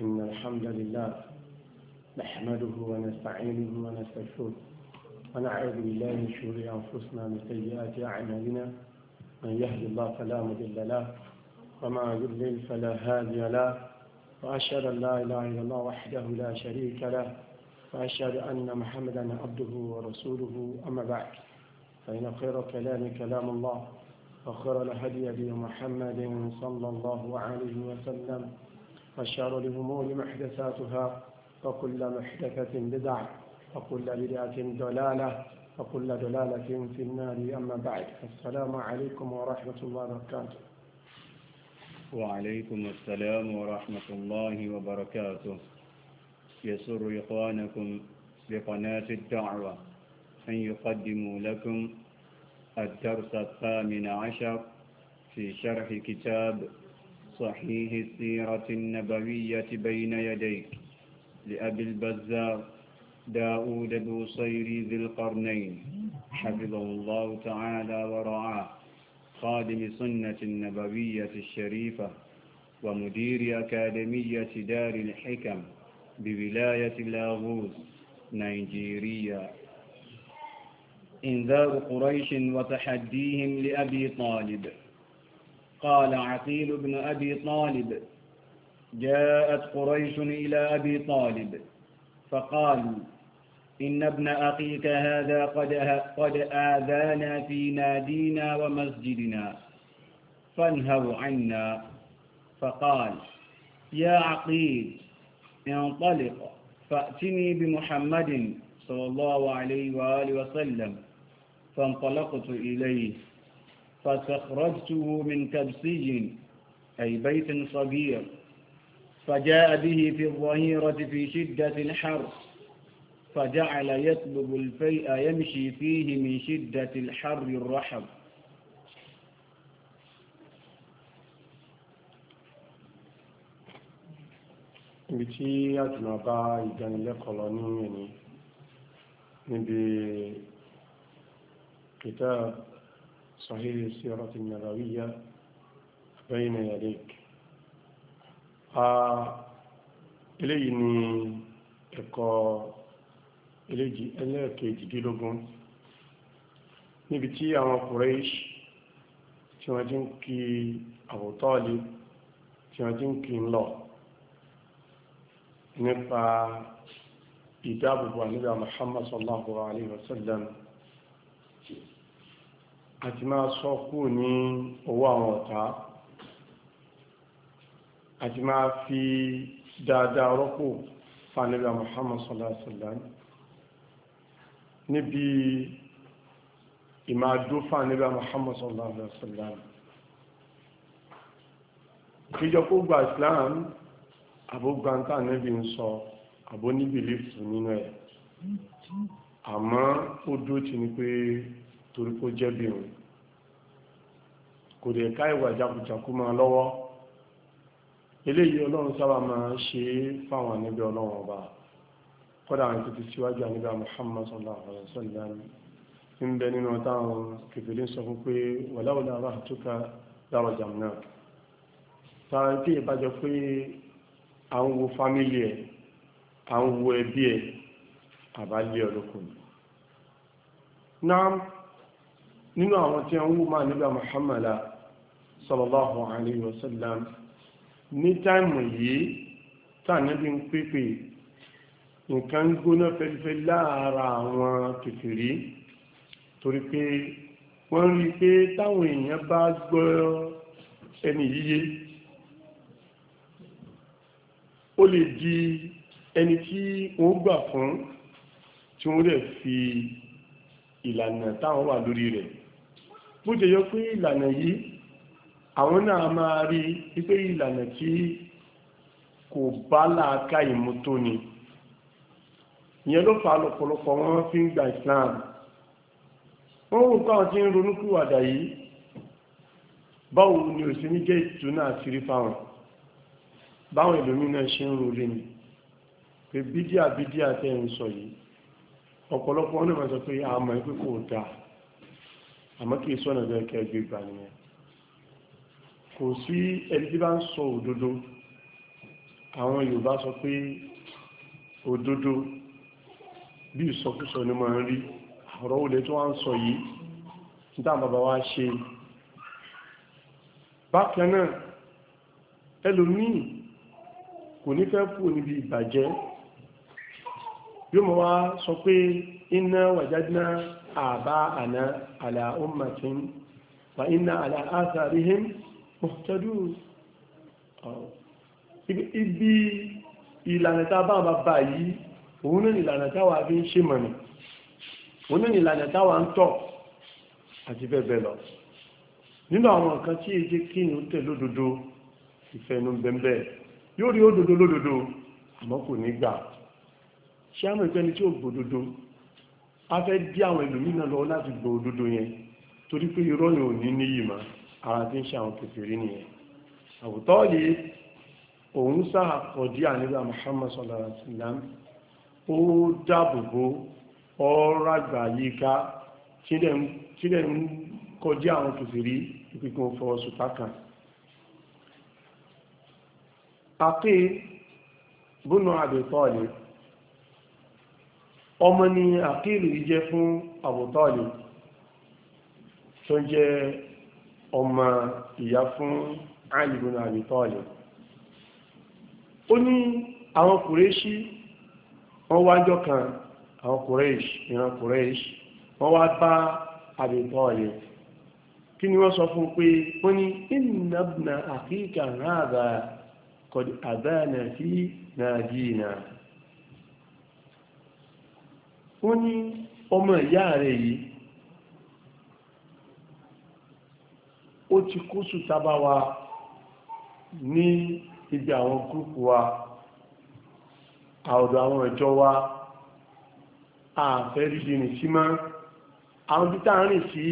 إن الحمد لله نحمده ونستعينه ونستغفره ونعوذ بالله من شرور أنفسنا من سيئات أعمالنا من يهد الله فلا مضل له وما يضلل فلا هادي له وأشهد أن لا إله إلا الله وحده لا شريك له وأشهد أن محمدا عبده ورسوله أما بعد فإن خير كلام كلام الله وخير الهدي بمحمد محمد صلى الله عليه وسلم وشر الأمور محدثاتها وكل محدثة بدعة وكل بدعة دلالة وكل دلالة في النار أما بعد السلام عليكم ورحمة الله وبركاته وعليكم السلام ورحمة الله وبركاته يسر إخوانكم بقناة الدعوة أن يقدموا لكم الدرس الثامن عشر في شرح كتاب صحيح السيرة النبوية بين يديك لأبي البزار داود بوصيري ذي القرنين حفظه الله تعالى ورعاه خادم سنة النبوية الشريفة ومدير أكاديمية دار الحكم بولاية لاغوس نيجيريا إنذار قريش وتحديهم لأبي طالب قال عقيل بن أبي طالب جاءت قريش إلى أبي طالب فقال إن ابن أخيك هذا قد, قد آذانا في نادينا ومسجدنا فانهوا عنا فقال يا عقيل انطلق فأتني بمحمد صلى الله عليه وآله وسلم فانطلقت إليه فاستخرجته من كبسي أي بيت صغير فجاء به في الظهيرة في شدة الحر فجعل يطلب الفيء يمشي فيه من شدة الحر الرحب ibi lọ ní ẹni níbi صحيح السيرة النبوية بين يديك eléyìí ni ẹ̀kọ́ eléjì ẹlẹ́ẹ̀kejìdínlógún níbi tí àwọn Quraysh tí wọ́n ti ń kí Abu Talib tí wọ́n ti ń kí ń lọ nípa ìdáàbòbò àníbà Muhammad sallallahu alaihi wasallam àti máa sọ kúrò ní ọwọ́ àwọn ọ̀tá àti máa fi dáadáa rọ́pò fanilá Muhammad sallallahu alaihi wasallam níbi ìmáàdó fanilá Muhammad sallallahu alaihi wasallam ìjọ kó gba Islam àbógbáńtà níbi ń sọ àbóníbìlì fún nínú ẹ̀ àmọ́ ó dó ti ni pé torí kó jẹ́ bí òun kò dẹ̀ ká ìwà jákujàku máa lọ́wọ́ eléyìí ọlọ́run sábà máa ṣe fáwọn níbi ọlọ́run ọba kọ́dà àwọn ìpìtì síwájú àníbà Muhammad sallallahu alaihi wasallam ń bẹ nínú táwọn kìfìlì sọ fún pé wàláwùlá ara àtúkà dára jàm náà tààrà tí ìbájọ pé àwọn wo fámílì ẹ̀ àwọn wo ẹbí ẹ̀ àbálẹ̀ ọlọ́kùnrin náà nínú àwọn tí wọ́n máa nígbà Muhammadu sallallahu alayhi wa sallam ní táìmù yìí tàníbí ń pépè nǹkan gbóná fẹ́lifẹ́ láàára àwọn kèfèrí torí pé wọ́n rí pé táwọn èèyàn bá gbọ́ ẹni yíye ó lè di ẹni tí wọ́n gbà fún tí wọ́n rẹ̀ fi ìlànà táwọn wà lórí rẹ̀ bó ṣe yọ pé ìlànà yìí àwọn náà máa rí wípé ìlànà tí kò bá láàká ìmútó ni ìyẹn ló fa lọ́pọ̀lọpọ̀ wọn fi ń gba Islam wọ́n wò pé àwọn tí ń ronúkúwàdà yìí báwo ni ò sí ní jẹ́ ìtúná àṣírí fáwọn báwọn ìlòmínà ṣe ń rò ni pé bídíà bídíà tẹ́ ń sọ yìí ọ̀pọ̀lọpọ̀ ọ̀nà ìbáṣọ pé àmọ́ ẹgbẹ́ kò dáa àmọ́ kí èso ọ̀nà ìbẹ̀rẹ̀ kẹgbẹ́ ìgbà nìyẹn kò sí ẹni tí bá ń sọ òdodo àwọn Yorùbá sọ pé òdodo bí ìsọkúsọ ni máa ń rí ọ̀rọ̀ olè tó wá ń sọ yìí níta bàbá wa ṣe bákan náà ẹlòmíì kò ní fẹ́ kú níbi ìbàjẹ́ yóò mọ̀ wá sọ pé inna wajadna aba'ana ala ummatin wa inna ala atharihim muhtadun ibi ìlànà tá a bá bá bá yìí òun náà ìlànà táwa fi ń ṣe mọ̀nà òun náà ìlànà táwa ń tọ̀ àti bẹ́ẹ̀ lọ nínú àwọn nǹkan tí èdè kí ní ó tẹ̀ lódodo ìfẹ́nu bẹ̀m̀bẹ̀ yóò rí òdodo lódodo àmọ́ kò ní gbà ṣe àmọ́ ìpẹ́ni tí ó gbòdodo a fẹ́ dí àwọn ẹlòmínà lọ láti gbòdodo yẹn torí pé ìrọ́yìn ò ní níyì mà ara tí ń ṣe àwọn kékeré nìyẹn àwùtọ́ yìí òun sáà kọ̀dí àníbà Muhammad sallallahu alaihi wasallam ó dáàbòbò ọ̀rọ̀ àgbà yíká tí ọmọ ni àkílù fún abụtọọlụ tó jẹ́ ọmọ ìyá fún Ali ibn ó ní àwọn kùrẹ́ṣí wọ́n wájọ́ kan àwọn kùrẹ́ṣì ìran kùrẹ́ṣì wọ́n wá bá kí ni wọ́n sọ fún pé wọ́n ní inna ibna akika hadha qad wọ́n ní ọmọ ìyá rẹ̀ yìí ó ti kó sùtábà wa ní ibi àwọn gúrùpù wa àọ̀dọ̀ àwọn ẹ̀jọ́ wa àfẹ́ rídi nì sí mọ́ àwọn bí tá à ń rìn sí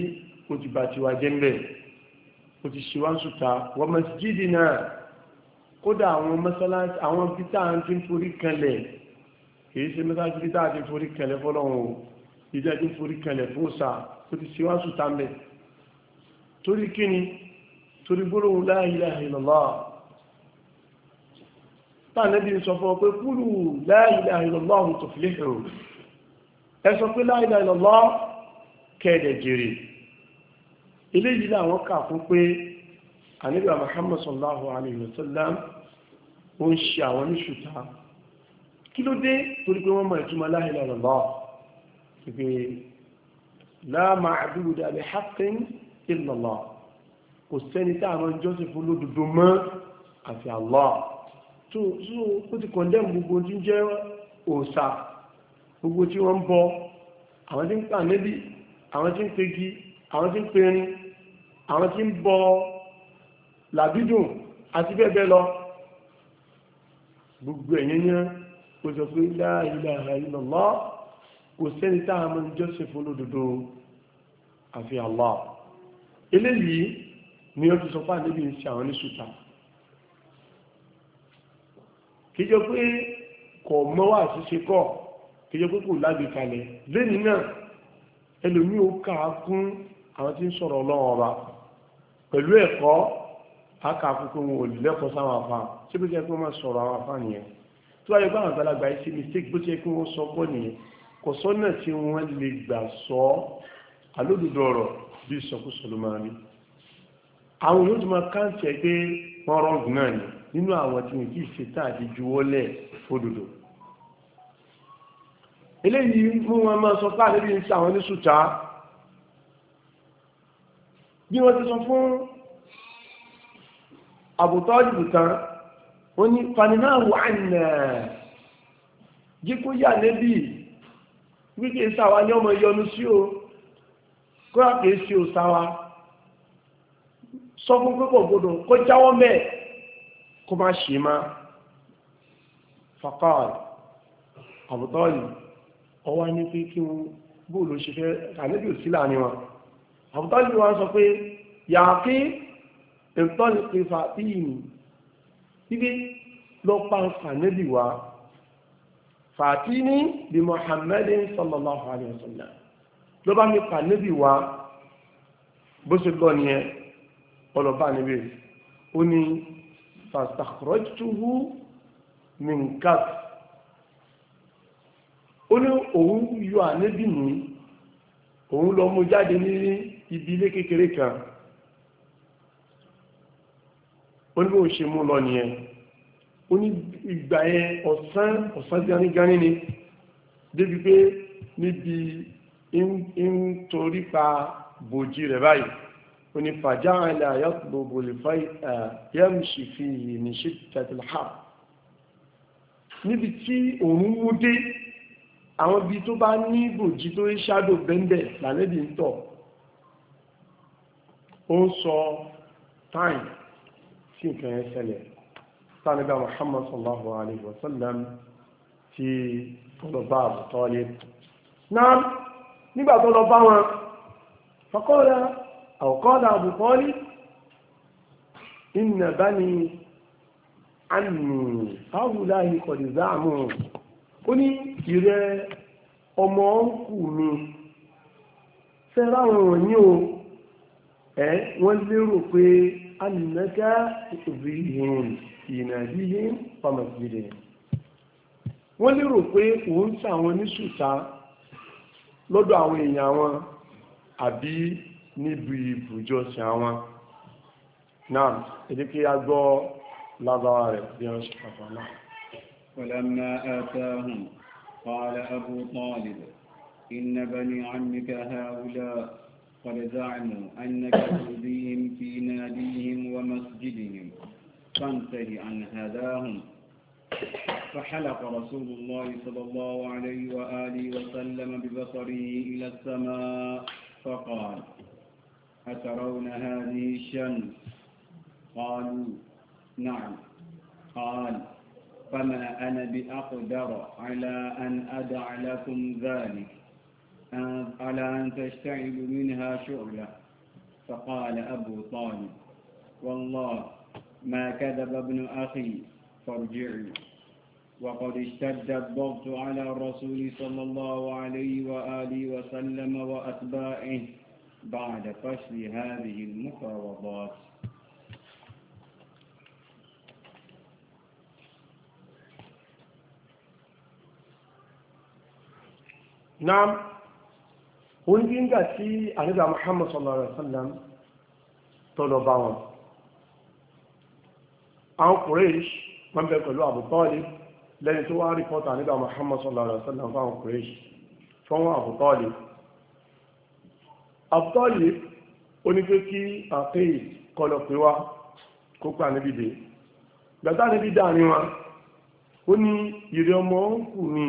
ó ti bà jẹ́ ńbẹ̀ ó ti ṣe wá sùtá wọ́n mọ̀ sí jídì náà kódà àwọn mọ́sálásí àwọn bí tá ti ń forí kanlẹ̀ kìí ṣe mẹ́sàájú títà àti forí kẹlẹ̀ fọ́lọ́run o ìjẹ́jú forí kẹlẹ̀ fún òsà ó ti síwáṣù tàmẹ̀ torí kíni torí gbólóhùn la ilaha illallah tànẹ́bí sọ fún ọ pé kúlù la ilaha illallah tuflihu ẹ sọ pé la ilaha illallah kẹ́ẹ̀dẹ̀ jèrè eléyìí làwọn kà fún pé àníbà Muhammad sallallahu alayhi wa sallam ó ń ṣe àwọn níṣùtà kí ló dé torí pé wọ́n mọ̀ ìtumọ̀ la ilaha illallah pé la ma'buda bihaqqin illa Allah kò sẹ́ni tá àwọn jọ́sìn fún lódodo mọ́ àfi Allah tó ó ti kọ̀ndẹ́m gbogbo tí ń jẹ́ òòṣà gbogbo tí wọ́n ń bọ àwọn tí ń pa níbi àwọn tí ń pegi àwọn tí ń perin àwọn tí ń bọ làbídùn àti bẹ́ẹ̀ bẹ́ẹ̀ lọ gbogbo ẹ̀yẹn kò sọ pé la ilaha illallah kò sẹ́ni tá a mọ̀ ní jọ́sìn fún olódodo àfi Allah eléyìí ni ó ti sọ pé àdébì ń ṣe àwọn ní ṣùtà kíjọ pé kò mọ́wà ṣíṣe kọ́ kíjọ pé kò lágbèkalẹ̀ lẹ́ni náà ẹlòmí ó kà á kún àwọn tí ń sọ̀rọ̀ ọlọ́run ọba pẹ̀lú ẹ̀kọ́ a kà á kún pé wọn ò lẹ́kọ̀ọ́ sáwọn afá síbi jẹ́ pé wọ́n máa sọ̀rọ̀ àwọn afá nìyẹn tó ayé bá àwọn àgbàlagbà yìí ṣe mistake bó ṣe kí wọ́n sọ pọ̀ nìyẹn kò sọ́nà tí wọ́n lè gbà sọ alódodo ọ̀rọ̀ bí ìsọkúsọ ló máa rí àwọn yóò tún máa káǹtì ẹ pé wọ́n rọ́ọ̀gùn náà ni nínú àwọn tí wọ́n kì í ṣe tá àti juwọ́lẹ̀ fódodo eléyìí mú wọn máa sọ pé àlébí ń ṣe àwọn oníṣùtá bí wọ́n ti sọ fún àbùtọ́ ìbùtán ó ní fanináàwò àìnà jíkú yà níbi wíkẹ́ ìsáwà ní ọmọ ìyọnu sí o kúrò kìí sí o sáwà sọ fún pípọ̀ gbọdọ̀ kó jáwọ́ mẹ́ kó má ṣe má fàkàl àbútọ́ọ̀lì ọwá ní pé kí wọ́n bóòlù ṣe fẹ́ àníbì òsí láàrin wọn àbútọ́ọ̀lì wọn sọ pé yàáfí ìtọ́lì pé fàtíìmù wípé lọ pa sànẹ́bì wa fàtí ní bí Muhammad sallallahu alayhi wa sallam ló bá mi pa níbi wa bó ṣe gbọ́ nìyẹn ọlọ́ba níbi ó ní fastakhrajtuhu min kaf ó ní òun yọ ànẹ́bì ní òun lọ mú jáde ní ibi ilé kékeré kan ó ní bó ṣe mú lọ nìyẹn ó ní ìgbà yẹn ọ̀sán ọ̀sán gánígání ni débi pé níbi ń torí pa bòjì rẹ̀ báyìí ó ní fàjá àìlẹ̀ àyàtọ̀ bòlìfà yẹ́mùsì fi ìníṣẹ́ tẹ̀tẹ̀lá níbi tí òun mú dé àwọn ibi tó bá ní bòjì tó ń ṣádò bẹ́ńbẹ̀ lànẹ́bí ń tọ̀ ó ń sọ táìmù tí nǹkan yẹn ṣẹlẹ̀ sanaga muhammad sallallahu alayhi wa sallam ti ọlọ́ba Abu Talib náà nígbà tó lọ bá wọn faqala aw qala Abu Talib inna bani anni haulahi qad za'amu ó ní ìrẹ́ ọmọ ọ̀nkù mi fẹ́ràn wọ̀nyí o ẹ̀ wọ́n lérò pé annaka tuzihun ìnàdíhìn pàmàgbìdẹ̀ wọ́n lérò pé òun sàwọn oníṣùta lọ́dọ̀ àwọn èèyàn wọn àbí níbi ibùjọsìn àwọn náà èdè kí a gbọ́ lábára rẹ̀ bí wọ́n ṣe pàpà náà ولما آتاهم قال أبو طالب إن بني عمك هؤلاء قد زعموا أنك تؤذيهم في ناديهم ومسجدهم فانتهي عن هداهم فحلق رسول الله صلى الله عليه وآله وسلم ببصره إلى السماء فقال أترون هذه الشمس قالوا نعم قال فما أنا بأقدر على أن أدع لكم ذلك على أن تشتعل منها شعلة فقال أبو طالب والله ما كذب ابن أخي فارجعوا وقد اشتد الضغط على الرسول صلى الله عليه وآله وسلم وأتباعه بعد فشل هذه المفاوضات نعم ó ní nígbà tí àníbà Muhammad sallallahu alaihi wasallam tọ́lọ bá wọn àwọn Quraysh wọ́n bẹ pẹ̀lú Abu Talib lẹ́yìn tó wá rípọ́tà nígbà Muhammad sallallahu alaihi wasallam fáwọn Quraysh fọ́wọ́n Abu Talib Abu Talib ó ní pé kí àkéyì kọlọ pé wá kópa níbi dé gbàtà níbi wọn ó ní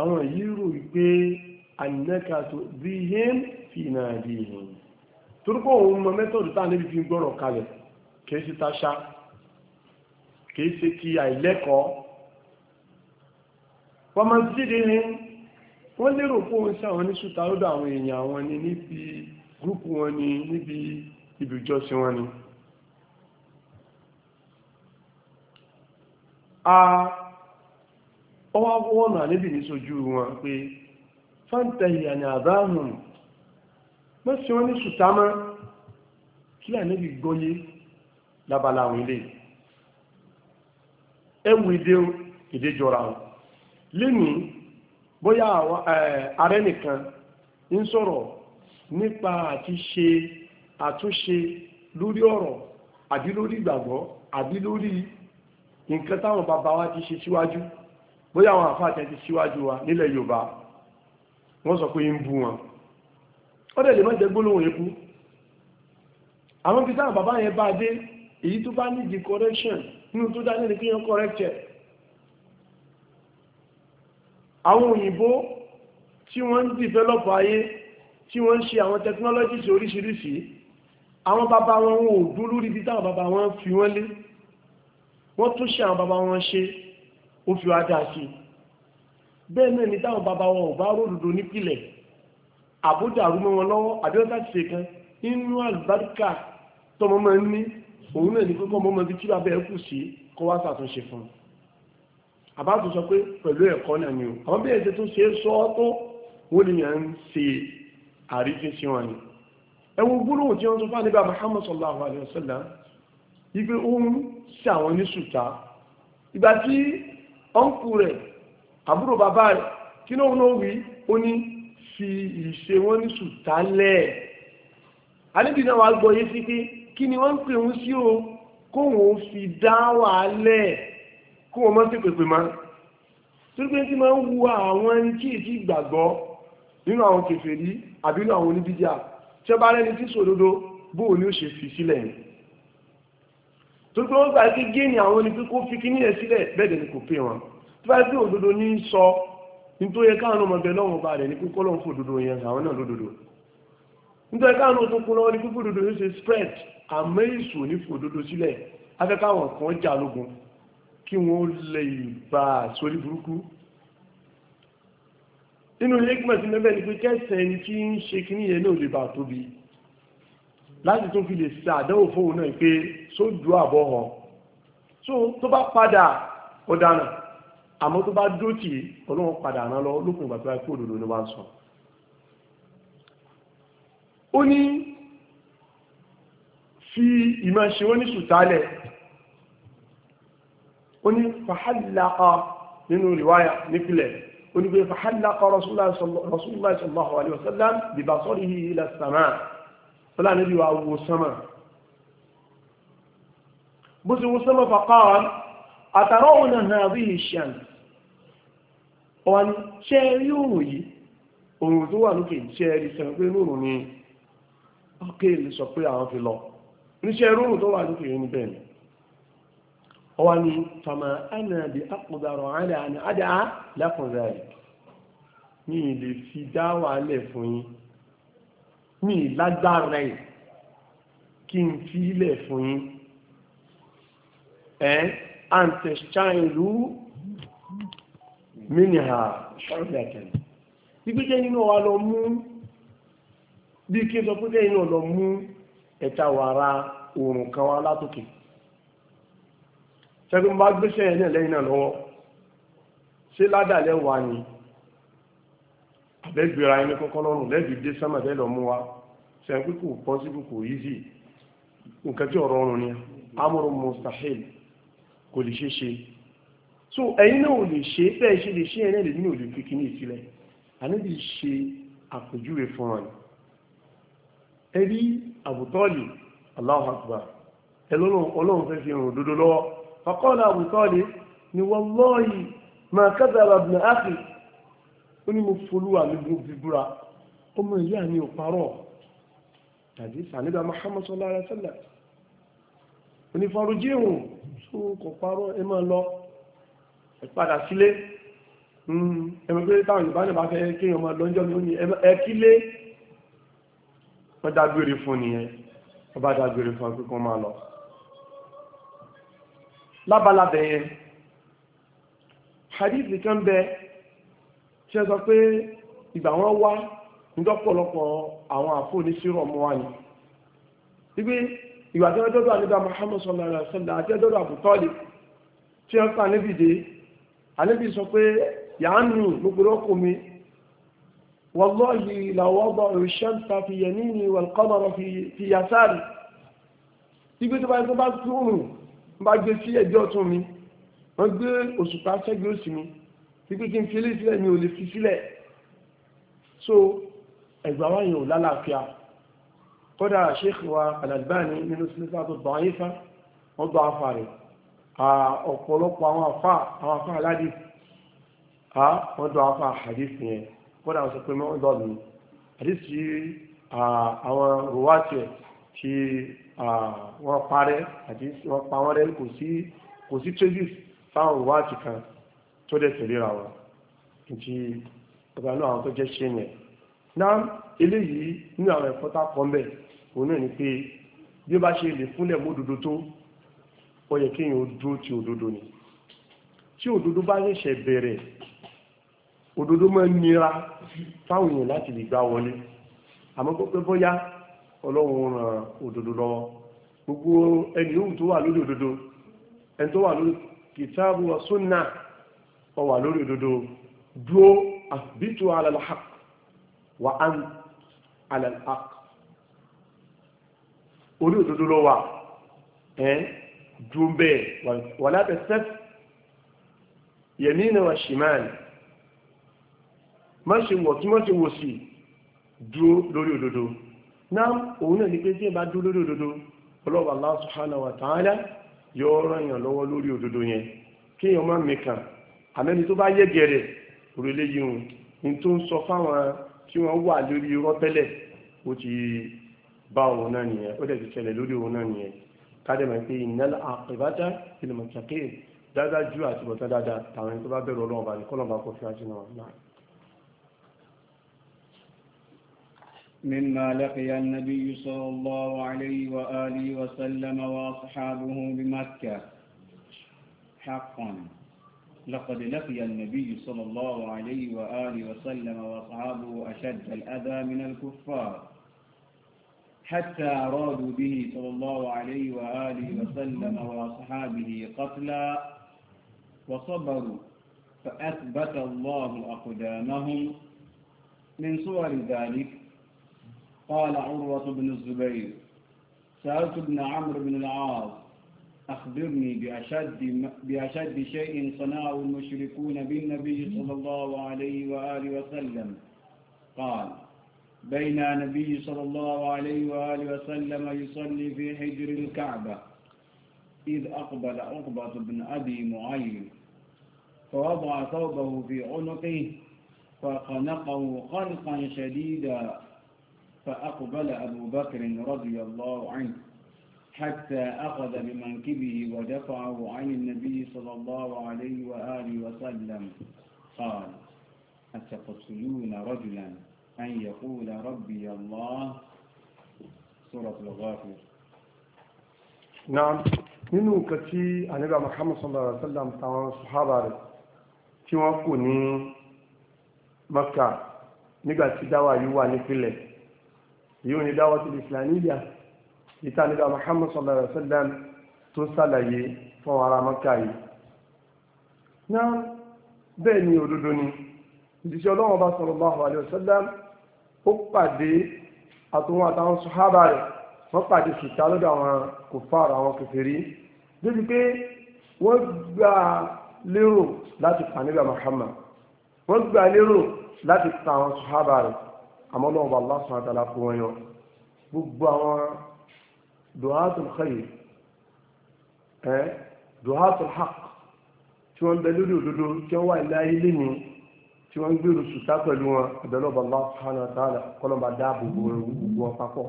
àwọn yìí rò annaka tu'dhihim fi nadihim torípò òun mọ mẹ́tọ̀dù tá níbi fi gbọ́rọ̀ kalẹ̀ kìí ṣe táṣá kìí ṣe ti àìlẹ́kọ̀ọ́ wọ́n máa ti dé ní wọ́n lérò pé òun sí àwọn oníṣùtà lọ́dọ̀ àwọn èèyàn àwọn ni níbi gúrùpù ni níbi ibùjọsìn ni a fáńtẹ̀yì àní àbáhùn mọ́ sí wọ́n ní sùtámọ́ kí ànábì gbọ́yé lábala àwọn ilé ẹwù ìdè ìdè jọra wọn lénìí bóyá ààrẹ nìkan ń sọ̀rọ̀ nípa àti ṣe àtúnṣe lórí ọ̀rọ̀ àbí lórí ìgbàgbọ́ àbí lórí nǹkan táwọn bàbá wa ti ṣe síwájú bóyá àwọn àfáàtẹ̀ ti síwájú wa nílẹ̀ Yorùbá wọ́n sọ pé ń bú wọn ó dẹ̀ lè má jẹ́ gbólóhùn eku àwọn kìtà bàbá yẹn bá dé èyí tó bá nídi correction nínú tó dá nílé kí yẹn correct ẹ̀ àwọn òyìnbó tí wọ́n ń develop ayé tí wọ́n ń ṣe àwọn technologies oríṣiríṣi àwọn bàbá wọn wọn ò dúró lórí títà bàbá wọn fi wọ́n lé wọ́n tún ṣe àwọn bàbá wọn ṣe ó fi wá dáa sí i bẹ́ẹ̀ náà ni táwọn bàbá wọn ò bá ródòdó nípìnlẹ̀ àbójà rúmọ wọn lọ́wọ́ àbíọ́tà ti ṣe kan inú àlùbáríkà tọmọ máa ń ní òun náà ní pé kọ́mọ máa fi kí bàbá ẹ kù sí kó wá ṣàtúnṣe fún un àbá tó sọ pé pẹ̀lú ẹ̀kọ́ náà ni o àwọn bí ẹ̀sẹ̀ tó ṣe é sọ ọ́ tó wọ́n ni yàn ń ṣe àrífẹ́ sí wọn ni ẹwọ gbólóhùn tí wọ́n tó fà nígbà Muhammad sallallahu alayhi wa sallam wípé ó ń ṣe àwọn ní ṣùtá ìgbà tí ọ̀nkù àbúrò bàbá rẹ̀ kí lóhun ló wí ó ní fi ìṣe wọn ní sùtálẹ̀ àníbi náà wà gbọ́ yé sí pé kí ni wọ́n ń pè wọ́n sí o kóhun ó fi dá wàálẹ̀ kóhun mọ́ sí pèpè máa torí pé tí máa ń wu àwọn ẹni tí èdè ìgbàgbọ́ nínú àwọn kèfèrí àbí nínú àwọn oníbíjà tí ó bá rẹ́ni tí sòdodo bóò ni ó ṣe fi sílẹ̀ ni torí pé wọ́n gbà pé géènì àwọn onípín kó fi kíní ẹ̀ sílẹ̀ bẹ́ẹ̀ dẹ̀ ni kò pè wọn tí wọ́n ti òdodo ní sọ nítorí yẹ káwọn ọmọ bẹ̀rẹ̀ lọ́wọ́ bá rẹ̀ ní kókó lọ́wọ́ fòdodo yẹn àwọn náà lódodo nítorí káwọn ọmọ tó kún lọ́wọ́ ní kókó òdodo yóò ṣe spread àmọ́ èso ní fòdodo sílẹ̀ afẹ́káwọn kan jà kí wọ́n lè bá a sórí burúkú nínú hikmet mẹ́bẹ̀ ni pé kẹsẹ̀ ẹni tí ń ṣe kíní yẹn náà lè bá tóbi láti tún fi lè ṣe àdánwò fóun náà pé sójú àbọ̀ hàn so tó bá padà ọ̀daràn àmọ́ tó bá dúró tì ọlọ́run padà rán lọ lókun ìgbà tó bá kó òdodo ni wá ń sọ ó ní fi ìmọ̀ ṣe wọ́n ní sùtálẹ̀ ó ní fàhálàkà nínú rìwáyà nípìlẹ̀ ó ní pé fàhálàkà rasulullah sallallahu alaihi wasallam bi basarihi ila sama sọ́lá níbi wa wo sánmà bó ti wo sánmà faqal atara'una hadhihi shams wọ́n ní ṣe rí òòrùn yìí òòrùn tó wà lókè ṣe rí sọ pé lóòrùn ni ọkẹ́ lè sọ pé àwọn fi lọ níṣẹ́ rúrùn tó wà lókè yìí níbẹ̀ ni wọ́n ní fama ánàbí àpòdàrọ̀ àdá àmì àdá lákùnrin rẹ̀ ní ilé fi dá wàhálẹ̀ fún yín ní ìlágbára rẹ̀ kí n fi ilẹ̀ fún yín ẹ̀ àǹtẹ̀ṣáìlú mínìhà ṣọ́ọ̀dẹ̀tẹ̀ wípé jẹ́ nínú wa lọ mú bí kí sọ pé jẹ́ lọ mú ẹ̀ta wàrà oòrùn kan wá látòkè ṣẹ́gun bá gbéṣẹ́ ẹ̀ lẹ́yìn náà lọ́wọ́ ṣé ládàlẹ́ wà ní àbẹ́gbèrà ẹni kọ́kọ́ lọ́rùn lẹ́bi dé sánmà bẹ́ẹ̀ lọ mú wa pé kò pọ́sibú kò easy nǹkan tí ọ̀rọ̀ ni amúrò mustahil kò lè ṣeé ṣe so ẹ̀yin náà ò lè ṣe tẹ́ ẹ ṣe lè ṣe ẹ̀rẹ́ lè ní òde fi kíní ìsílẹ̀ àníbi ṣe àpèjúwe fún wọn ẹ rí àbùtọ́ọ̀lì Allahu Akbar ẹ lọ́lọ́run fẹ́ fi hàn òdodo lọ́wọ́ faqala àbùtọ́ọ̀lì ni wallahi ma kadhaba ibn akhi ó ní mo folúwa mi bí mo fi búra ọmọ ìyá mi ò parọ́ tàbí sàníbà Muhammad sallallahu alaihi wasallam onífarujì ìhùn tó kọ̀ parọ́ ẹ máa lọ padà sílé hmm, ẹmọ pé táwọn Yorùbá náà bá fẹ́ kí ọmọ lọ́jọ́ mi ó ní ẹkílé wọ́n dágbére fún nìyẹn wọ́n bá dágbére fún akẹ́kọ̀ọ́ máa lọ lábalábẹ̀ yẹn hadithi kan bẹ tí ẹ sọ pé ìgbà wọn wá nígbọ́pọ̀lọpọ̀ àwọn àfóníṣírọ̀ mọ́ wá ní wípé ìgbà tí wọ́n dọ́dọ̀ àníbà Muhammad sallallahu alaihi wasallam àti ẹ̀dọ́dọ̀ àbùtọ́lì tí wọ́n pa níbi dé àníbi sọ pé yàánù gbogbo ọkùn mi wallahi ìlàwọ́gbọ̀ ìṣẹ́ǹta fi yẹ ní ní wàlkọ́mọ̀rọ̀ fi yàtàrí ibi tó bá yẹ tó bá túrùn bá gbé sí ẹ̀gbẹ́ ọ̀tún mi wọ́n gbé òṣùpá sẹ́gbẹ́ òsì mi ibi kí n fi sílẹ̀ mi ò lè fi sílẹ̀ so ẹ̀gbà wa yẹn ò lálàáfíà kódà Sheikh wa Al-Albani nínú sílẹ̀ sáà tó bọ̀ ayé fa wọ́n gbọ́ afárẹ̀ ọ̀pọ̀lọpọ̀ àwọn afá àwọn afá aládì a wọ́n dọ̀ afá hadith yẹn kódà wọ́n sọ pé wọ́n dọ̀ mí hadith yìí àwọn rọwátì tí wọ́n parẹ́ àti wọ́n pa wọ́n rẹ́ kò sí kò sí traces fáwọn rọwátì kan tó dẹ̀ tẹ̀lé ra wọn nti ọ̀gá náà àwọn tó jẹ́ ṣe yẹn náà eléyìí nínú àwọn ẹ̀kọ́ tá a kọ́ mbẹ̀ òun náà ni pé bí ó bá ṣe lè fúnlẹ̀ mọ́ òdodo tó ó yẹ kéèyàn ó dúró ti òdodo ni tí òdodo bá ṣẹ̀ṣẹ̀ bẹ̀rẹ̀ òdodo máa ń nira fáwọn èèyàn láti lè gbá wọlé àmọ́ pé bóyá ọlọ́run ràn òdodo lọ́wọ́ gbogbo ẹni yóò tó wà lórí òdodo ẹni tó wà lórí kìtàbù wa súnà wà lórí òdodo dúró àbítú alalhaq wa an alalhaq orí òdodo lọ wà ẹ́ dúró bẹ́ẹ̀ wà láti sẹ́f yẹ̀mí náà wà ṣìmáàlì má ṣe wọ̀ tí má ṣe wò sí dúró lórí òdodo náà òun náà ní pé tí ẹ bá dúró lórí òdodo ọlọ́wà Allah subhanahu wa ta'ala yóò ràn yàn lọ́wọ́ lórí òdodo yẹn kí èèyàn má mìkan àmẹ́ni tó bá yẹ gẹ̀rẹ̀ òrèlé yìí hùn ní tó ń sọ fáwọn tí wọ́n wà lórí irọ́ tẹ́lẹ̀ ó ti bá òun náà nìyẹn ó dẹ̀ ti ṣẹlẹ̀ lórí òun náà nìyẹn kájẹ́ mọ̀ pé ìnẹ́lẹ̀ àpèbájá ìlú mọ̀tàkì dáadáa ju àtúbọ̀tán dáadáa tàwọn ẹni tó bá bẹ̀rù ọlọ́run bá ní kọ́lọ̀ bá kó fi àṣẹ náà náà. مما لقي النبي صلى الله عليه وآله وسلم وأصحابه بمكة حقا لقد لقي النبي صلى الله عليه وآله وسلم وأصحابه أشد الأذى من الكفار حتى أرادوا به صلى الله عليه وآله وسلم وأصحابه قتلا وصبروا فأثبت الله أقدامهم من صور ذلك قال عروة بن الزبير سألت ابن عمرو بن العاص أخبرني بأشد, بأشد شيء صنعه المشركون بالنبي صلى الله عليه وآله وسلم قال بين النبي صلى الله عليه وآله وسلم يصلي في حجر الكعبة إذ أقبل عقبة بن أبي معين فوضع ثوبه في عنقه فخنقه خنقا شديدا فأقبل أبو بكر رضي الله عنه حتى أخذ بمنكبه ودفعه عن النبي صلى الله عليه وآله وسلم قال أتقتلون رجلا أن يقول ربي الله سورة الغافر نعم nínú nǹkan tí àníbà Muhammad sallallahu alaihi wasallam táwọn sàhábà rẹ̀ tí wọ́n kù ní Maka nígbà tí dáwà yìí wà nípìnlẹ̀ yìí ò ní dáwà tí islamiyya ìta àníbà Muhammad sallallahu alaihi wasallam tó sàlàyé fún ara Maka yìí náà bẹ́ẹ̀ ni òdodo ni ìdíṣẹ́ ọlọ́wọ́n bá sallallahu alaihi wasallam ó pàdé àtòwọn àtàwọn sọ́hábà rẹ̀ wọ́n pàdé kìtà lọ́dọ̀ àwọn kòfàrà àwọn kèfèrí débi pé wọ́n gbà lérò láti pa nígbà Muhammad wọ́n gbà lérò láti pa àwọn sọ́hábà rẹ̀ àmọ́ náà wà lásán àtàlà fún wọn yọ gbogbo àwọn duhatul khayr ẹ duhatul haq tí wọ́n bẹ lórí òdodo tí wọ́n wà láyé lénìí tí wọ́n ń gbèrò sùtá pẹ̀lú wọn àbẹ̀lọ́bà Allah subhanahu wa ta'ala kọ́lọ́bà dáàbò bo wọn papọ̀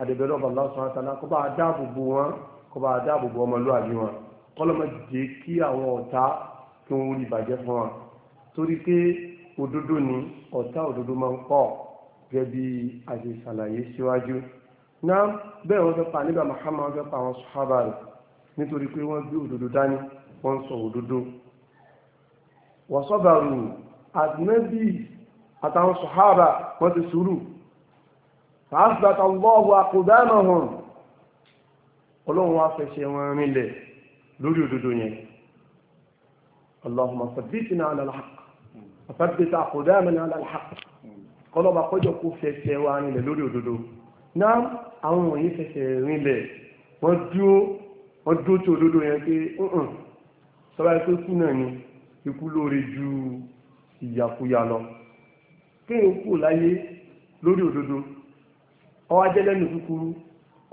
àdẹ̀bẹ̀lọ́bà Allah subhanahu wa ta'ala kọ́ bá dáàbò bo wọn kọ́ bá dáàbò bo ọmọlúwàbí wọn kọ́lọ́mọ jẹ́ kí àwọn ọ̀tá kí wọ́n rí bàjẹ́ fún wọn torí pé òdodo ni ọ̀tá òdodo máa ń kọ́ gẹ́gẹ́ bí a ṣe ṣàlàyé síwájú náà bẹ́ẹ̀ wọ́n fẹ́ Muhammad wọ́n fẹ́ pa àwọn sọ́hábà rẹ̀ nítorí pé wọ́n gbé òdodo dání àdínẹ́bí àtàwọn sọ̀hábà wọ́n ti sùúrù fàásìbàtà lọ́wọ́ àkùdánà hàn ọlọ́run wá fẹsẹ̀ wọn rinlẹ̀ lórí òdodo yẹn allahumma sabbitina ala alhaq sabbit aqdamana ala alhaq kọlọ́ba kọjọ kó fẹsẹ̀ wa rinlẹ̀ lórí òdodo náà àwọn wọ̀nyí fẹsẹ̀ rinlẹ̀ wọ́n dúó wọ́n dúó tí òdodo yẹn pé sọ́ba ẹgbẹ́ kú náà ni ikú lóore ju ìyàkúyà lọ kéèyàn kú láyé lórí òdodo ọwọ́ ajẹ́ lẹ́nu kúkúrú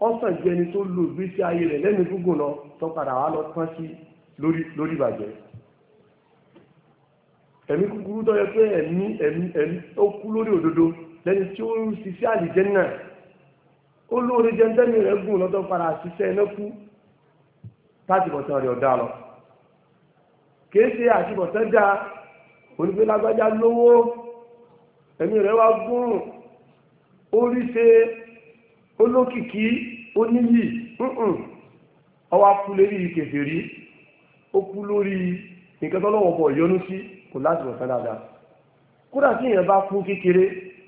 ọ̀sán jẹ́ ẹni tó lo ìgbésí ayé rẹ̀ lẹ́nu gúngùn lọ tó padà wá lọ tán sí lórí ìbàjẹ́ ẹ̀mí kúkúrú tó yẹ pé ẹ̀mí ẹ̀mí ẹ̀mí ó kú lórí òdodo lẹ́ni tí ó ń ṣiṣẹ́ àlìjẹ́ náà ó lóore jẹ́ tẹ́mi rẹ̀ gùn lọ́tọ́ padà ṣiṣẹ́ iná kú láti bọ̀tán rẹ̀ ọ̀dá lọ kìí ṣe àtibọ̀tán dáa onígbé lágbájá lówó ẹ̀mí rẹ̀ wá gùn oríṣe olókìkí oníyì ọwá kú lérí kèfè rí ó kú lórí nǹkan tọ́lọ́wọ́ bọ̀ yọnú sí kò láti wọ̀sán dáadáa kódà tí èèyàn bá kú kékeré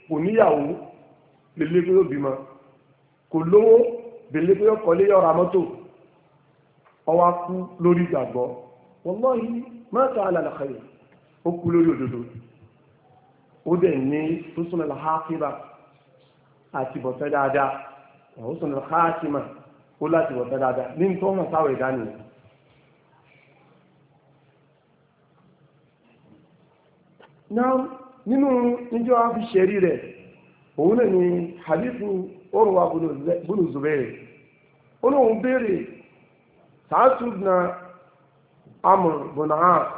kò níyàwó lélé pé ó bímọ kò lówó lélé pé ó kọ́lé yọra mọ́tò ọwá kú lórí ìgbàgbọ́ wallahi mata ala al-khayr ó kú lórí òdodo ó dẹ̀ ní húsùnà hàkìmà àti bọ̀tẹ́ dáadáa húsùnà hàkìmà ó láti bọ̀tẹ́ dáadáa ní tó hàn sáwọ̀ ẹ̀dá nìyẹn. náà nínú níjọ́ a fi ṣẹ̀rí rẹ̀ òun náà ni hadithu orùwà bùnú zubẹ́rẹ̀ ó lóun béèrè sàásù na amr bùnà áàpù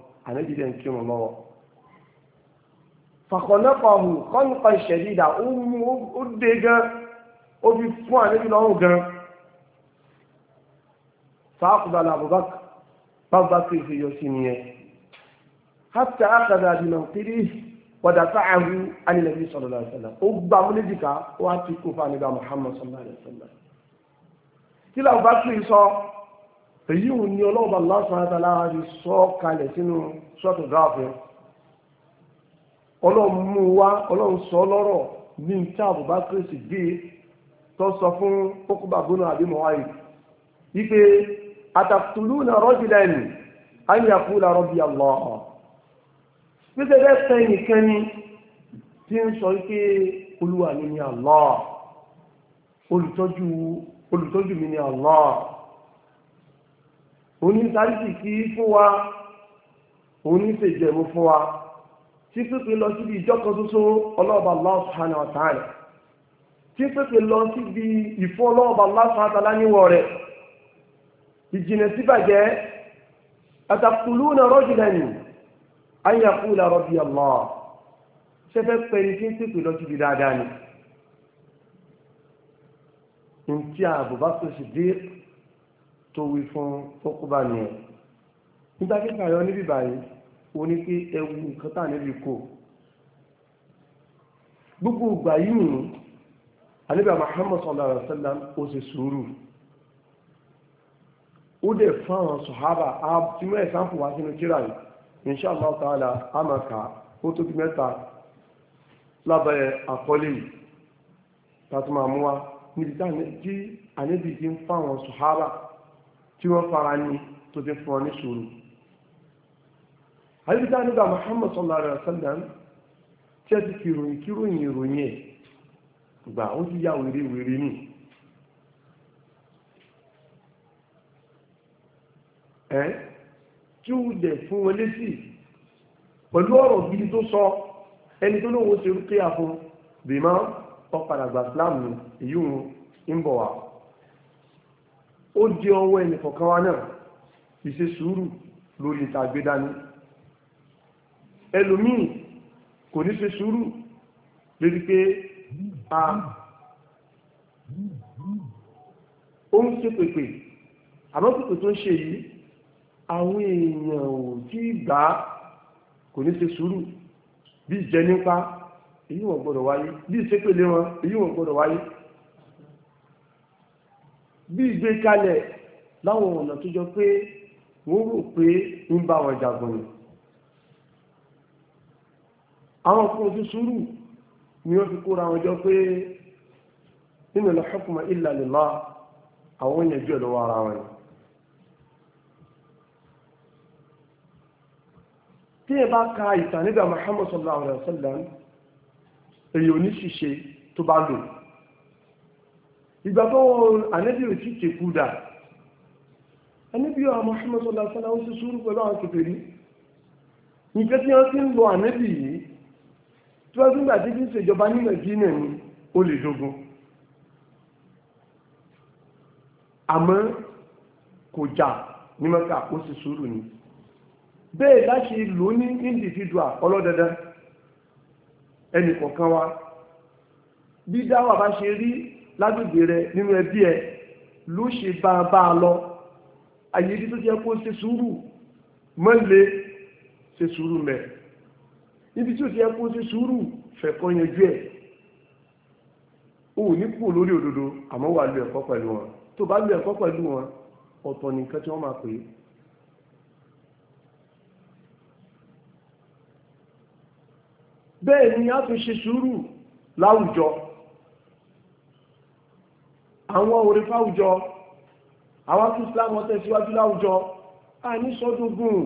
ànábì dẹ̀ ń kírun lọ́wọ́ fàkànlẹ́kọ̀ọ́hù kọ́nùkọ́ ìṣẹ̀dídà ó dé gan ó fi fún ànábì lọ́rùn gan fàákùbàlà Abubakar bàbá kì í fi yọ sí nìyẹn hátà àkàdà àdìmọ̀ kiri wàdà sáàhù ànínàbí sallallahu alaihi wasallam ó gbà mú léjìká ó wá ti kó fún ànábì Muhammad sallallahu alaihi wasallam kí làwọn èyí ò ní ọlọ́ọ̀bà lásán àtàlára ti sọ kalẹ̀ sínú ṣọ́tù dáàfin ọlọ́run wá ọlọ́run sọ lọ́rọ̀ ní ìta àbùbá kìrìsì bí tó sọ fún kókóbà gbóná àbímọ̀ wáyé àtàkùlù na rọ́jìlẹ̀ ni a ń yàkú àlọ́ pípẹ́ bẹ́ẹ̀ fẹ́ nìkan ni tí ń sọ wípé olúwa mi ni àlọ́ olùtọ́jú oníṣàlìsì kí fún wa oníṣèjẹ̀mú fún wa tí pípé lọ síbi ìjọkan ṣoṣo ọlọ́ọ̀bà Allah subhanahu wa ta'ala tí pípé lọ síbi ìfún ọlọ́ọ̀bà Allah subhanahu wa ta'ala níwọ̀ rẹ̀ ìjìnà síbàjẹ́ ataqtuluna rajulan an yaqula rabbi Allah ṣẹ́fẹ́ pẹ̀lú tí ń pípé lọ síbi dáadáa ni. ntí Abubakar Siddiq tó wí fún fọ́kúbà nìyẹn nígbà tí kàyọ níbi báyìí o ní pé ẹwu nǹkan tà níbi kò gbogbo ìgbà yìí nìyí àníbà Muhammad sallallahu alaihi wasallam ó sì sùúrù ó dẹ̀ fún àwọn sọ̀hábà tí wọ́n ẹ̀ sáǹpù wá sínú kíra yìí insha Allah ta'ala amaka ó tó bí mẹ́ta lábẹ́ àkọlé tàtùmàmúwa níbi tí àníbi ti ń fáwọn sọ̀hábà tí wọ́n fara ní tó ti fún ọ ní ṣòro àyíká nígbà Muhammad sallallahu alaihi wasallam tí ẹ ti fi ròyìn kí ròyìn ìròyìn ẹ̀ gbà ó ti yá wèrè wèrè nù ẹ́ tí ó dẹ̀ fún wọn létí pẹ̀lú ọ̀rọ̀ gidi tó sọ ẹni tó lóun ṣe rúkẹ́ àfún bèèmọ́ ọ̀padà gbà èyí ń bọ̀ wá ó jẹ́ ọwọ́ ẹni kọ̀ọ̀kan wa náà ìṣe sùúrù lórí ìta àgbédání ẹlòmíì kò ní ṣe sùúrù lórí pé a ó ń ṣe pèpè àmọ́ pèpè tó ń ṣe yìí àwọn èèyàn ò tí gbà á kò ní ṣe sùúrù bí ìjẹ nípa èyí wọn gbọ́dọ̀ wáyé bí ìṣépele wọn èyí wọn gbọ́dọ̀ wáyé bí ìgbé kalẹ̀ láwọn ọ̀nà tó jọ pé wọ́n rò pé ń bá wọn jagun ni àwọn kan ojú sùúrù ni wọ́n fi kóra wọn jọ pé nínú al-hukma illa lillah àwọn èèyàn jù lọ́wọ́ ara wọn tí ẹ bá ka ìtàn nígbà Muhammad sallallahu alaihi wa sallam èyí oníṣìṣe tó bá lò ìgbà tó wọn ànẹ́bí ò sí kèkú dà ànẹ́bí ọ̀hà Muhammad sọlá sọlá ó sì sùúrù pẹ̀lú àwọn kèfèrí nǹkan tí wọ́n ti ń lo ànẹ́bí yìí tí wọ́n tún gbà tí kí ń ṣèjọba ní Nàìjíríà ní ó lè dogun àmọ́ kò jà ní mẹ́ta ó sì sùúrù ni bẹ́ẹ̀ láti lò ní individual ọlọ́dọdá ẹnì kọ̀ọ̀kan wa bí dáwà bá ṣe rí lágbègbè rẹ nínú ẹbí ẹ ló ṣe bá a bá a lọ àyè ibi tó jẹ kó ṣe sùúrù mọ́lẹ̀ ṣe sùúrù mẹ́ níbi tí ó jẹ kó ṣe sùúrù fẹ̀kọ́ yanjú ẹ̀ o ò ní kú lórí òdodo àmọ́ wà lu ẹ̀kọ́ pẹ̀lú wọn tó bá lu ẹ̀kọ́ pẹ̀lú wọn ọ̀tọ̀ nìkan tí wọ́n máa pè é bẹ́ẹ̀ ni a tún ṣe sùúrù láwùjọ àwọn orí fáwùjọ àwọn tí islam wọ́n tẹ̀síwájú láwùjọ a ní sọ́dúngùn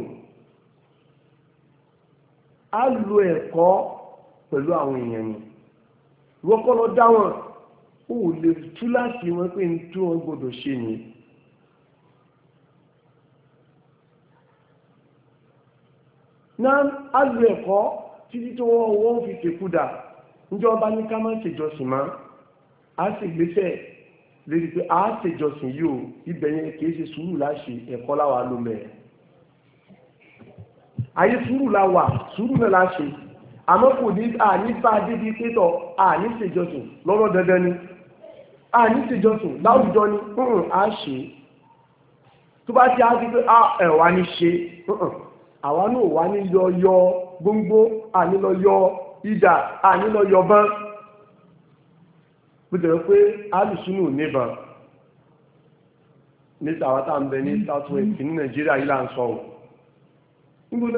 a lo ẹ̀kọ́ pẹ̀lú àwọn èèyàn yìí wọ́kọ́ lọ dá wọn ó lè tú wọn pé ní tí wọ́n gbọ́dọ̀ ṣe ni náà a lo ẹ̀kọ́ títí tó wọ́n wọ́n fi tèkúdà níjọba ní ká má ṣèjọsìn má a sì gbéṣẹ́ lórí pé a ṣèjọsìn yìí o ibẹ̀ yẹn kì í ṣe sùúrù láṣe ẹ̀kọ́ láwa ló mẹ́ ayé sùúrù la wà sùúrù náà láṣe àmọ́ kò ní àní bá a débi pétọ̀ àní ṣèjọsìn lọ́rọ̀ dandan ni àní ṣèjọsìn láwùjọ ni a ṣe tó bá ti á ti pé ẹ̀ wá ní ṣe àwa náà wá ní yọ yọ gbóngbó àní lọ yọ idà àní lọ yọ bán. bó ti rẹ̀ pé alùsùnù níbọn ní tàwátà ń bẹ ní southwest ní nigeria yìí ń sọ kí ni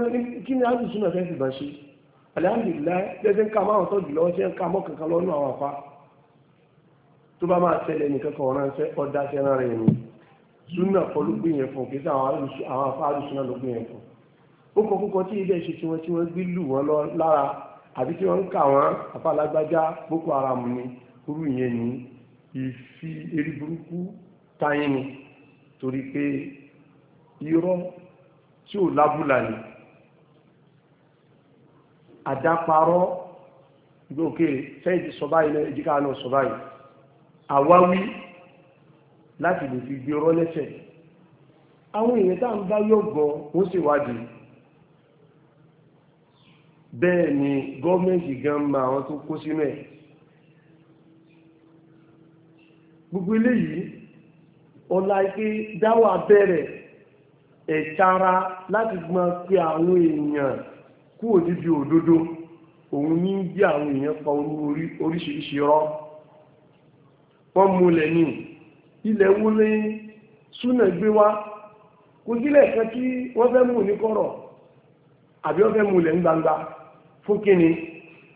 bá ṣe ń ka máa tọ́ jùlọ ṣe ń ka mọ́ kankan lọ́nà àwọn tó bá máa tẹ̀lé nìkan kan ọ̀ràn rán rẹ̀ ni súnà fún kí sí àwọn ló gbé yẹn fún ó kọ tí ilé ṣe tí wọ́n tí wọ́n gbé lù wọ́n lára boko haram irú ìyẹn ní ìfi eré burúkú táyín ni torí pé irọ́ tí ò lábúlà ni àdáparọ́ gbókè fẹ́ẹ̀dì sọba ilẹ̀ ìjíká náà sọba yìí àwáwí láti lè fi gbé ọ̀rọ̀ lẹ́sẹ̀ àwọn èèyàn tá ń bá yọ̀gọ̀ wọ́n sì wádìí bẹ́ẹ̀ ni gọ́ọ̀mẹ́ntì gan ma àwọn tó kó sínú ẹ̀ gbogbo eléyìí ọ̀la ike dáwà bẹ̀rẹ̀ ẹ̀tara láti gbọ́n pé àwọn èèyàn kú òdíbi òdodo òun ní bí àwọn èèyàn pa oríṣiríṣi rọ́ wọ́n múlẹ̀ ní ilẹ̀ wúlé súnà gbé wá kò sílẹ̀ kan tí wọ́n fẹ́ mú ní kọ̀rọ̀ àbí wọ́n fẹ́ múlẹ̀ ní gbangba fún kíni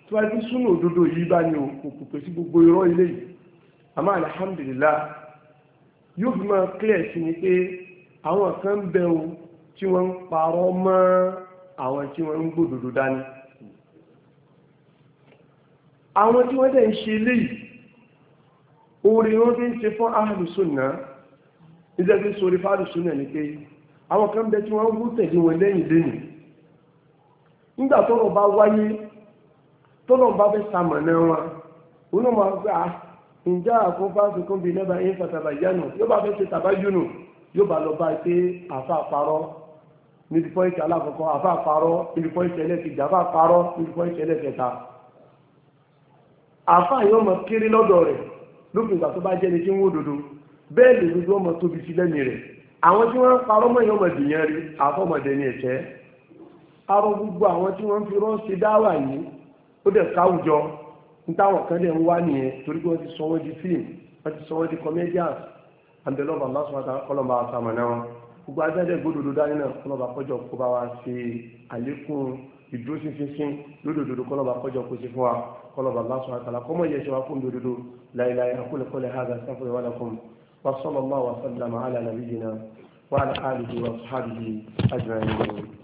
tí wọ́n fi súnà òdodo yìí bá ní òkùnkùn pèsè gbogbo irọ́ ilé àmọ́ alhamdulillah yóò fi máa clear sí ni pé àwọn kan ń bẹ o tí wọ́n ń parọ́ mọ́ àwọn tí wọ́n ń gbòdòdó dání àwọn tí wọ́n dẹ̀ ń ṣe léyìí orí wọ́n fi ń ṣe fún ahàlùsùnà ìjẹ́bí sórí fàálùsùnà ní pé àwọn kan bẹ tí wọ́n wú tẹ̀lé wọn lẹ́yìn lẹ́yìn nígbà tọ́rọ̀ bá wáyé tọ́rọ̀ bá fẹ́ ṣamọ̀nà wọn òun náà ǹjẹ́ àkóbá tuntun bíi nẹ́bà yín fàtàbàjánu yóò bá fẹ́ ṣe tàbájúnù yóò bá lọ bá a pé àfa àparọ́ níbi pọ́ìntì alákọ̀ọ́kọ́ àfa àparọ́ níbi pọ́ìntì ẹlẹ́kẹ̀jì àfa àparọ́ níbi pọ́ìntì ẹlẹ́kẹta àfa yìí ọmọ kiri lọ́dọ̀ rẹ̀ lópin ìgbà tó bá jẹ́ni tí ń wó dodo bẹ́ẹ̀ lè dodo ọmọ tóbi sí lẹ́mi rẹ̀ àwọn tí wọ́n ń parọ́ mọ́ ìyọ́mọ̀ dìyàn rí àfọ́mọdé ni ẹ̀ṣẹ́ arọ gbogbo àwọn tí wọ́n ń fi rán ṣe dáwà yìí ó dẹ̀ káwùjọ ntáwọn kan dẹ̀ ń wá nìyẹn torí pé wọ́n ti sọ wọ́n di fíìmù wọ́n ti sọ wọ́n di comedians àbẹ̀lọ́ba lásùmọ́ta ọlọ́ba àtàmọ̀nà wọn gbogbo ajáde gbódòdó dání náà kọlọ́ba kọjọ kó bá wa ṣe àlékún ìdúróṣinṣinṣin lódòdó kọlọ́ba kọjọ kó ṣe fún wa kọlọ́ba lásùmọ́ta kọ́mọ yẹ ṣe wa fún dòdòdó láìláì àkúlẹ̀kọ́lẹ̀ hàgà sáfúrẹ́ wàlẹ̀